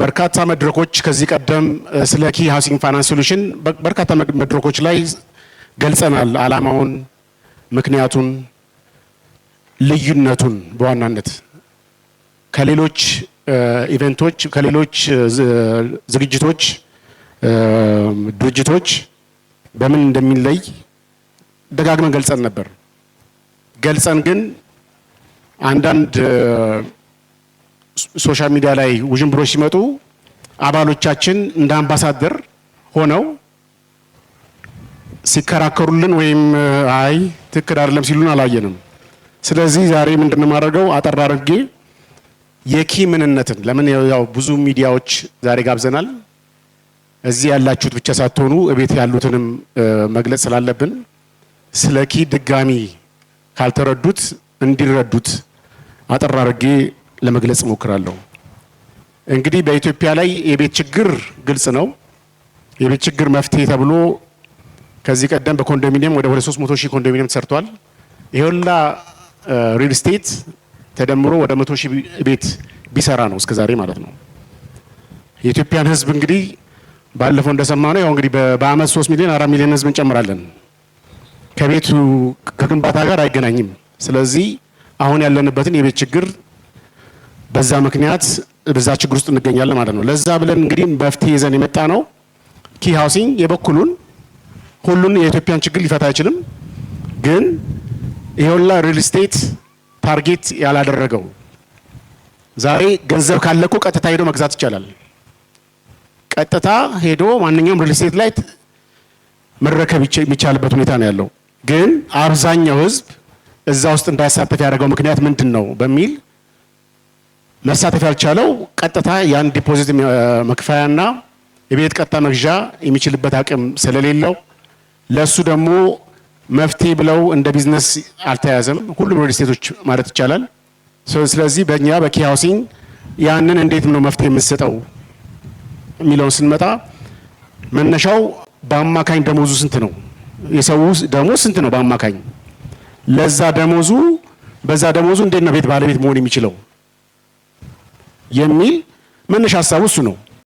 በርካታ መድረኮች ከዚህ ቀደም ስለ ኪ ሃውሲንግ ፋይናንስ ሶሉሽን በርካታ መድረኮች ላይ ገልጸናል። አላማውን ምክንያቱን፣ ልዩነቱን በዋናነት ከሌሎች ኢቨንቶች ከሌሎች ዝግጅቶች ድርጅቶች በምን እንደሚለይ ደጋግመን ገልጸን ነበር። ገልጸን ግን አንዳንድ ሶሻል ሚዲያ ላይ ውዥንብሮች ሲመጡ አባሎቻችን እንደ አምባሳደር ሆነው ሲከራከሩልን ወይም አይ ትክክል አይደለም ሲሉን አላየንም። ስለዚህ ዛሬ ምንድን ማድረገው አጠር አድርጌ የኪ ምንነትን ለምን ያው ብዙ ሚዲያዎች ዛሬ ጋብዘናል። እዚህ ያላችሁት ብቻ ሳትሆኑ እቤት ያሉትንም መግለጽ ስላለብን ስለ ኪ ድጋሚ ካልተረዱት እንዲረዱት አጠር አድርጌ ለመግለጽ እሞክራለሁ። እንግዲህ በኢትዮጵያ ላይ የቤት ችግር ግልጽ ነው። የቤት ችግር መፍትሄ ተብሎ ከዚህ ቀደም በኮንዶሚኒየም ወደ 300 ሺህ ኮንዶሚኒየም ተሰርቷል። ይሄ ሪል ስቴት ተደምሮ ወደ 100 ሺህ ቤት ቢሰራ ነው እስከዛሬ ማለት ነው። የኢትዮጵያን ህዝብ እንግዲህ ባለፈው እንደሰማ ነው ያው እንግዲህ በአመት 3 ሚሊዮን 4 ሚሊዮን ህዝብ እንጨምራለን። ከቤቱ ከግንባታ ጋር አይገናኝም። ስለዚህ አሁን ያለንበትን የቤት ችግር በዛ ምክንያት በዛ ችግር ውስጥ እንገኛለን ማለት ነው። ለዛ ብለን እንግዲህ መፍትሄ ይዘን የመጣ ነው። ኪ ሃውሲንግ የበኩሉን ሁሉን የኢትዮጵያን ችግር ሊፈታ አይችልም፣ ግን ይሄውላ ሪል ስቴት ታርጌት ያላደረገው ዛሬ ገንዘብ ካለቁ ቀጥታ ሄዶ መግዛት ይቻላል። ቀጥታ ሄዶ ማንኛውም ሪል ስቴት ላይ መረከብ የሚቻልበት ሁኔታ ነው ያለው። ግን አብዛኛው ህዝብ እዛ ውስጥ እንዳይሳተፍ ያደረገው ምክንያት ምንድን ነው በሚል መሳተፍ ያልቻለው ቀጥታ ያን ዲፖዚት መክፈያና የቤት ቀጥታ መግዣ የሚችልበት አቅም ስለሌለው ለእሱ ደግሞ መፍትሄ ብለው እንደ ቢዝነስ አልተያዘም። ሁሉም ሪል ስቴቶች ማለት ይቻላል። ስለዚህ በእኛ በኪ ያንን እንዴት ነው መፍትሄ የምንሰጠው የሚለውን ስንመጣ መነሻው በአማካኝ ደሞዙ ስንት ነው? የሰው ደሞዝ ስንት ነው በአማካኝ? ለዛ ደሞዙ በዛ ደሞዙ እንዴት ነው ቤት ባለቤት መሆን የሚችለው የሚል መነሻ ሀሳቡ እሱ ነው።